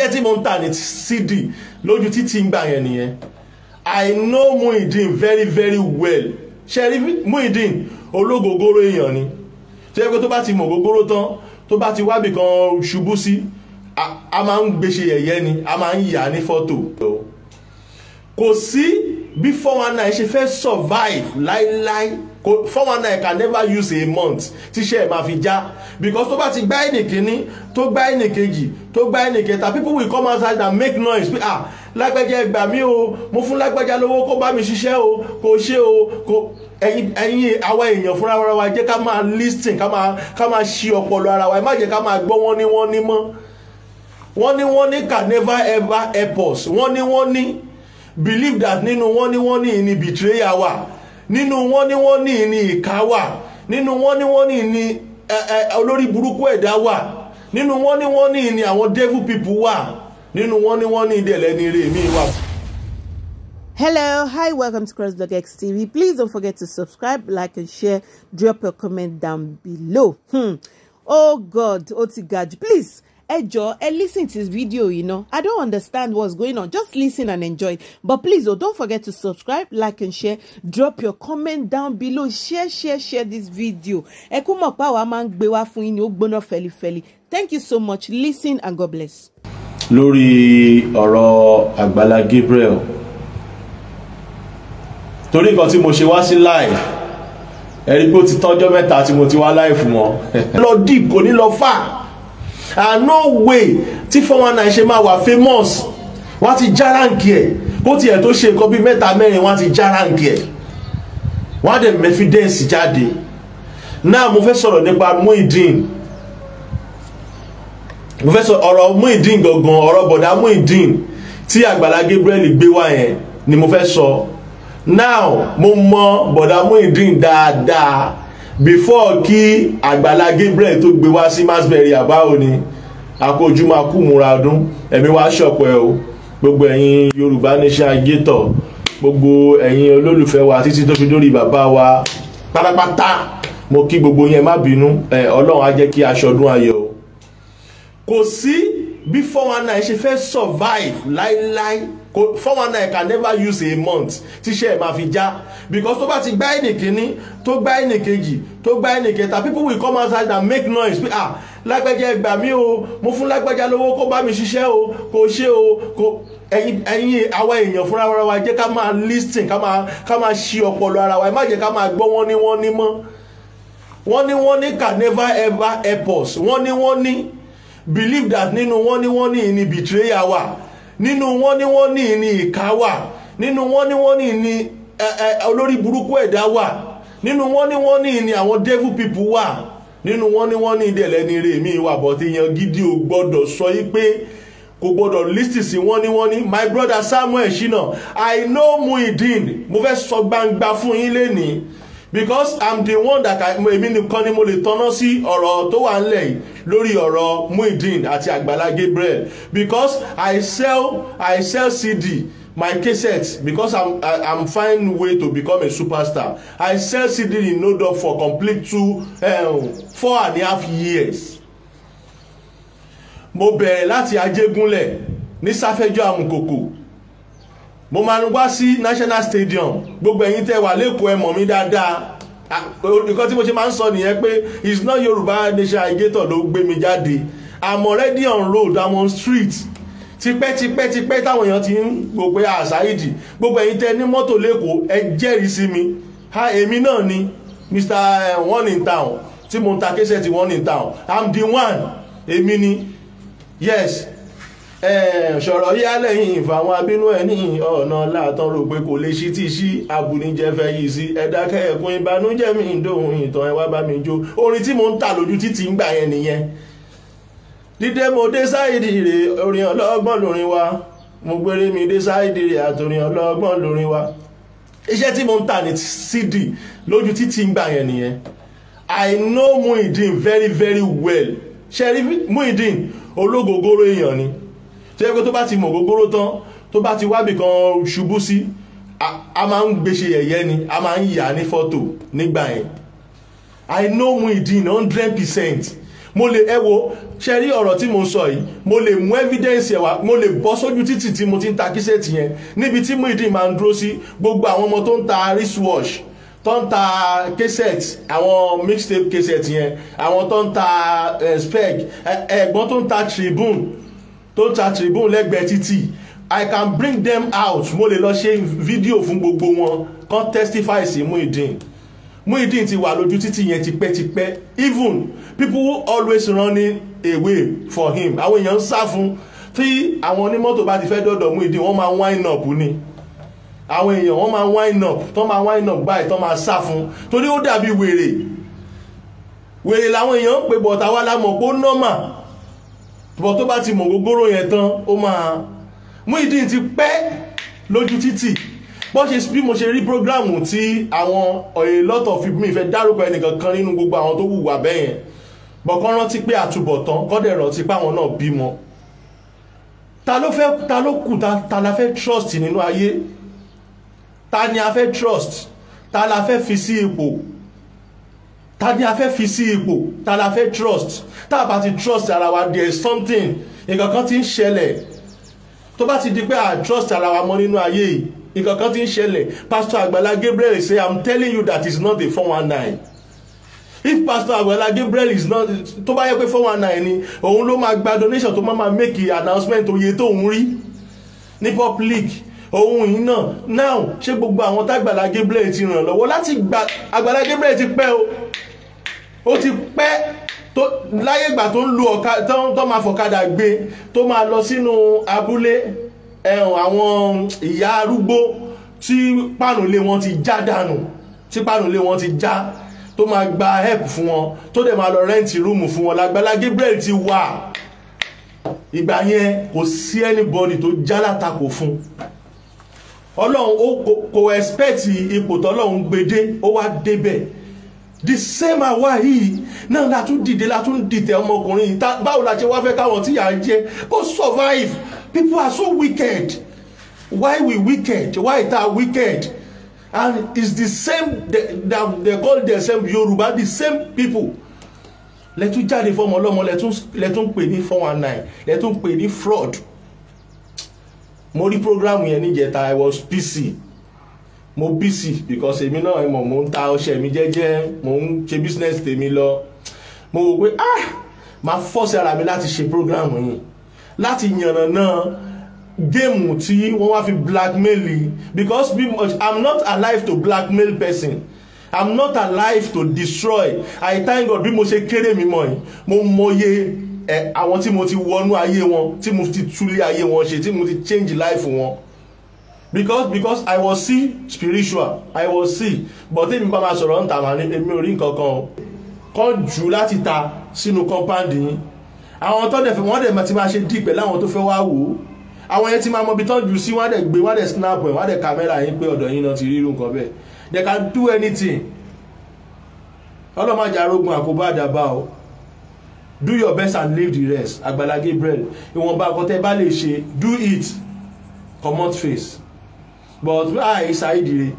jẹ́ tí mo ń tà ní cd lójú títí ń gbà yẹn nìyẹn i know Muhyiddin very very well ṣẹ́rí Muhyiddin. ológogoro èèyàn ni tó yẹ pé tó bá ti mọ̀ gogoro tán tó bá ti wábì kan ṣubú sí a máa ń gbèsè yẹ̀yẹ́ ni a máa ń yà á ní fọ́tò. kò sí bí four one nine ṣe fẹ́ survive láéláé. Like, like four one nine can never use a month tíṣẹ́ ẹ̀ máa fi já because tó bá ti gbá ẹnì kíní tó gbá ẹnì kejì tó gbá ẹnì kẹta people will come outside and make noise ah lágbájá ẹ gbà mí o mo fún lágbájá lówó kó bá mi ṣiṣẹ́ o kò ṣe o kò ẹyin ẹyin àwa èèyàn fúnra ara wa jẹ́ ká máa listen ká máa ká máa ṣí ọpọlọ ara wa ẹ má jẹ́ ká máa gbọ́ wọ́n ní wọ́n ní mọ́ wọ́n ní wọ́n ní can never ever help us wọ́n ní wọ́n ní believe that nínú wọ́n ní wọ́n ní ni betrayal wà nínú wọn ni wọ́n ní ìní ìka wà nínú wọn ni wọ́n ní ìní olórí burúkú ẹ̀dá wà nínú wọn ni wọ́n ní ìní àwọn devil people wà nínú wọn ni wọ́n ní ìdẹ̀lẹ́ ní ire mi wà. Hello, hi, welcome to X TV. Please don't forget to subscribe, like, and share. Drop your comment down below. Hmm. Oh God, ó God, Please ẹ jọ̀ọ́ ẹ listen to this video you know i don't understand what's going on just listen and enjoy but please oh, don't forget to subscribe like and share drop your comment down below share share share this video ẹ kú mọ̀ pé àwa máa ń gbé wá fún yín ní ó gbóná fẹlifẹli thank you so much listen and god bless. lórí ọ̀rọ̀ Àgbàlá Gabriel torí nǹkan tí mo ṣe wá sí live ẹ̀rí pé ó ti tọ́jọ́ mẹ́ta tí mo ti wá live mọ́ lọ deep kò ní lọ fà and ah, no way tí four one ṣe máa wà famous wọ́n ti já ránkì ẹ̀ kó tiẹ̀ tó ṣe nǹkan bíi mẹ́ta mẹ́rin wọ́n ti já ránkì ẹ̀ wọ́n á dẹ̀ mẹ́fídẹ́ǹsì jáde náà mo fẹ́ sọ̀rọ̀ nípa Muyideen mo fẹ́ sọ ọ̀rọ̀ Muyideen gangan ọ̀rọ̀ bọ̀dá Muyideen tí Àgbàlá Gabriel gbé wá yẹn ni mo fẹ́ sọ now mo mọ bọ̀dá Muyideen dáadáa before ki àgbàlá Gabriel tó gbé wá sí masbury àbáwo ni akójú máa kú múra ọdún ẹ̀mí wá ṣọ̀pẹ́ o gbogbo ẹ̀yin Yorùbá Nation agitator gbogbo ẹ̀yin olólùfẹ́ wa títí tó fi dórí bàbá wa pátápátá mo ki gbogbo yín má bínú ọlọ́run á jẹ́ kí aṣọ ọdún ayọ̀ o kò bí four one nine ṣe fẹ́ survive láíláí four one nine can never use a month tíṣẹ́ ẹ̀ máa fi já because tó bá ti gbá ẹnì kíní tó gbá ẹnì kejì tó gbá ẹnì kẹta people will come outside and make noise ah lágbájá ẹ gbà mí o mo fún lágbájá lówó kó bá mi ṣiṣẹ́ o kò ṣe o kò ẹyin ẹyin àwa èèyàn fúnra ara wa jẹ́ ká máa listen ká máa ká máa ṣí ọpọlọ ara wa ẹ má jẹ́ ká máa gbọ́ wọ́n ní wọ́n ní mọ́ wọ́n ní wọ́n ní can never ever help us wọ́n ní wọ́n ní believe that nínú wọn ní wọ́n ní ìní betrayal wà nínú wọn ní wọ́n ní ìní ìka wà nínú wọn ni wọ́n ní ìní olórí burúkú ẹ̀dá wà nínú wọn ní wọ́n ní ìní àwọn devil people wà nínú wọn ní wọ́n ní ìdẹ̀lẹ̀ ní ire mi wà bọ́ ti yan gidi ò gbọ́dọ̀ sọ yí pé kò gbọ́dọ̀ lísì sí wọ́n ní wọ́n ní my brother Samuel Shina I know Muideen mo fẹ́ sọ gbangba fún yín lénìí because i'm the one that I èmi nìkan ni mo lè tọ́ná sí ọ̀rọ̀ tó wà ńlẹ̀ yìí lórí ọ̀rọ̀ Muideen àti Àgbàlá Gabriel because i sell i sell cd my cassette because i'm I, i'm find way to become a superstar i sell cd in no Ondo for complete two um, four and a half years mo bẹ̀rẹ̀ láti Ajégúnlẹ̀ ní Sáfẹ́jọ́ Àmùkòkò mo máa ń wá sí national stadium gbogbo ẹ̀yin tẹ́ wà lẹ́kọ̀ọ́ ẹ mọ̀ mí dáadáa nǹkan tí mo ṣe máa ń sọ nìyẹn pé it's not yorùbá nation alligator ló gbé mi jáde i'm already on road i'm on street tipẹ́tipẹ́tipẹ́ táwọn èèyàn ti ń wò pé àṣàìdì ah, gbogbo ẹ̀yin tẹ́ ní mọ́tò lẹ́kọ̀ọ́ ẹ jẹ́rìí sí mi ha èmi náà ni mr eh, one in town tí mo ń ta kéṣẹ́ ti one in town i'm the one èmi ni yes sọ̀rọ̀ yá lẹ́yìn fáwọn abínú ẹ̀ ní ọ̀nà láàtọ̀ rò pé kò lè ṣí ti ṣí abùnijẹ́ fẹ́ yìí sí ẹ̀dá kẹ́ẹ̀kún ìbànújẹ́ mi ń ìtàn ẹ̀ bá mi jó orin tí mo ń tà lójú títí ń gbà yẹn nìyẹn dídé mo dé sáìdì rè orin ọlọ́gbọ́n lórin wa mo gbére mi dé sáìdì rè àtòrin ọlọ́gbọ́n lórin wa iṣẹ́ tí mo ń tà ní cd lójú títí ń gbà yẹn nìyẹn I know Muyideen very very well ṣe rí Muyideen ológogoro tó yẹ kó tó bá ti mọ̀ gbogbooro tán tó bá ti wábì kan ṣubú sí a máa ń gbèsè yẹ̀yẹ́ ni a máa ń yà ní fọ́tò nígbà yẹn I know Muyideen hundred percent mo lè ẹ wo ṣe rí ọ̀rọ̀ tí mo ń sọ yìí mo lè mú evidence ẹ̀ wá mo lè bọ́ sójú títì tí mo ti ń ta kíṣẹ́ẹ̀tì yẹn níbi tí Muyideen máa ń dúró sí gbogbo àwọn ọmọ tó ń ta wristwatch tó ń ta kíṣẹ́ẹ̀tì àwọn mixtape kíṣẹ́ẹ̀tì yẹn àwọn tó ń ta eh, spec eh, ẹ̀gbọ́n tó ń ta tribune tó ń ta tribune lẹ́gbẹ̀ẹ́ títì i can bring them out mo lè lọ ṣe fídíò fún gbogbo wọn kan testify sí Muideen Muideen ti wà lójú títì yẹn tipẹ́tipẹ́ even people always running away for him àwọn èèyàn ń sá fún tí àwọn onímọ́tò bá ti fẹ́ dọ̀dọ̀ Muideen wọ́n máa wine up ni àwọn èèyàn wọ́n máa wine up tán máa wine up báyìí tán máa sá fún torí ó dàbí wèrè wèrè làwọn èèyàn ń pè bọ̀tà wa lámọ̀ pé ó nọ́mà bọ́ tó bá ti mọ̀ gógóró yẹn tán ó máa Muyideen ti pẹ́ lójú títì bó ṣe bí mo ṣe rí programu tí àwọn a lot of people mi fẹ́ dárúkọ ẹnìkan kan nínú gbogbo àwọn tó hùwà bẹ́ẹ̀ yẹn bọ̀kan rántí pé àtúbọ̀tán kọ́dẹ̀ rántí pé àwọn náà bímọ ta ló fẹ́ ta ló kù ta ta la fẹ́ trust nínú ayé ta ni a fẹ́ trust ta la fẹ́ fi sí ipò ta ni a fẹ́ fi sí ipò ta la fẹ́ trust tá a bá ti trust ara wa there is something nǹkan kan ti ń ṣẹlẹ̀ tó bá ti di pé a trust ara wa mọ́ nínú ayé yìí nǹkan kan ti ń ṣẹlẹ̀ pastor Agbala Gabriel say i'm telling you that it's not the four one nine if pastor Agbala Gabriel is not tó bá yẹ pé four one nine ni òun ló máa gba donation tó máa máa make announcement oye tóun rí ní public ohun yìí náà now ṣé gbogbo àwọn tágbàlá Gabriel ti ràn lọ́wọ́ láti gba Agbala Gabriel ti pẹ́ o ó ti pẹ́ tó láyé ìgbà tó ń lu ọ̀ka tó máa fọ̀kadà gbé tó máa lọ sínú abúlé ẹ̀hún àwọn ìyá arúgbó tí páànù lé wọn ti já dànù tí páànù lé wọn ti já tó máa gba help fún wọn tó dẹ̀ máa lọ rẹ́ǹtì rúùmù fún wọn l'Agbala Gabriel ti wà ìgbà yẹn kò sí anybody tó jálátakò fún ọlọ́run ó kò expect ipò tọ́lọ́run gbé dé ó wá débẹ̀ the same àwa yìí náà la tún dìde la tún dìtẹ̀ ọmọkùnrin yìí báwo la ṣe wá fẹ́ káwọn tí yà jẹ kó survive people are so wicked why we wicked why ta wicked and it's the same they, they, they call themselves Yoruba the same people lẹ́tún jáde fọmọ ọlọ́mọ lẹ́tún pè ní four one nine lẹ́tún pè ní fraud mo rí program yẹn níjẹta I was PC mo busy because èmi náà mọ̀ mo ń ta ọṣẹ mi jẹ́jẹ́ mo ń ṣe business tèmi lọ mo wò pé ah máa force ara mi láti ṣe program yìí láti yànnàná géèmù tí wọ́n wá fi blackmail yìí because i'm not alive to blackmail person i'm not alive to destroy i thank god bí mo ṣe kéré mi mọ̀ yìí mo mọye ẹ eh, àwọn tí mo ti wọnú ayé wọn tí mo ti túlé ayé wọn ṣe tí mo ti change life wọn because because i was see spiritual i was see but tèmi bá máa sọ̀rọ̀ ńta màá ní èmi ò rí nǹkan kan kan jù láti ta sínú compound yìí àwọn tó dẹ̀ fẹ́ wọ́n dẹ̀ ti máa ṣe dì pẹ̀lú àwọn tó fẹ́ wá wò ó àwọn yẹn ti máa mọ ibi tó jù sí wọ́n dẹ̀ gbé wọ́n dẹ̀ snap ẹ̀ wọ́n dẹ̀ kámẹ́rà yín pé ọ̀dọ̀ yín náà ti rírun nǹkan bẹ́ẹ̀ they can do anything ọlọ́mọ ajá rogun àkóbá àdàbà o do your best and leave the rest Àgbàlá Gabriel ìwọ̀nba àkọ́tẹ́ bá lè ṣe do it comot face but láì ṣàìdìrè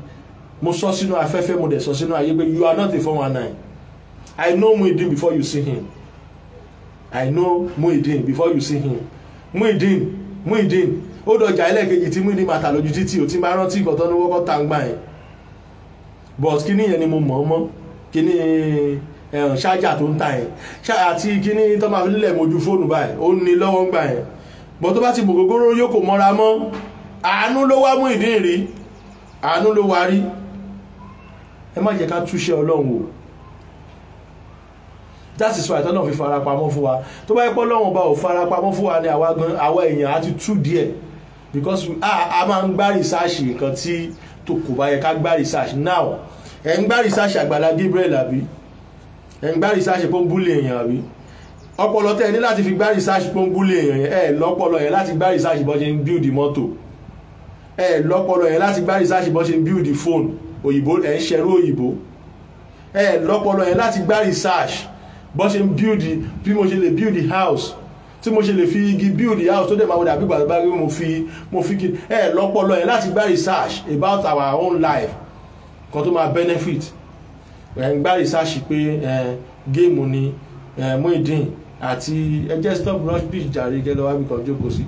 mo sọ sínú afẹ́fẹ́ mo dẹ̀ sọ sínú ayé pé you are not a four one nine i know muhideen before you see him i know muhideen before you see him muhideen muhideen ó dọjà ẹlẹ́ẹ̀kejì tí muhideen máa tà lójú títì ò ti máa rántí nǹkan tó ní wọ́pọ̀ tá yẹn but kíní yẹn ni mo mọ̀ ọ́ mọ́ kíní eh, ṣáájà tó ń ta yẹn àti kíní tó máa fi lílẹ̀ mojú fóònù báyìí ó ní lọ́wọ́ ń gbà yẹn but tó bá ti bò gógóró yóò kò mọ́ra mọ́ àánú ló wá mú ìdí rí àánú ló wá rí ẹ má jẹ́ ká túṣe ọlọ́run o that is why tọ́nà fi farapamọ́ fún wa tó bá yẹ pé ọlọ́run ọba ò farapamọ́ fún wa ni àwa èèyàn á ti tú díẹ̀ because a máa ń gbá research nǹkan tí tó kò bá yẹ ká gbá research now ẹ̀ ń gbá research àgbàlá Gabriel àbí ẹ̀ ń gbá research pé ó ń búlẹ̀ èèyàn àbí ọpọlọ tẹ ẹ ní láti fi gbá research pé ó ń búlẹ̀ èèyàn yẹn ẹ lọ́pọlọ yẹn láti gbá research bó ṣe ń mọ́tò ẹ lọ́pọlọ yẹn láti gbá research bọ́n ṣe build the phone òyìnbó ẹ̀ ń ṣẹrú òyìnbó ẹ lọ́pọlọ yẹn láti gbá research bọ́n ṣe build bí mo ṣe lè build the house tí mo ṣe lè fi igi build the house tó dẹ̀ máa wọlé àbí gbàgbà pé mo fi mo fi kí ẹ lọ́pọlọ yẹn láti gbá research about our own life kan tó máa benefit ẹ̀ ń gbá research pé ẹ̀ géèmù ni ẹ̀ Muyideen àti ẹ jẹ́ stop rush pitch jàre gẹ́lẹ́ wá bí kan jókòó sí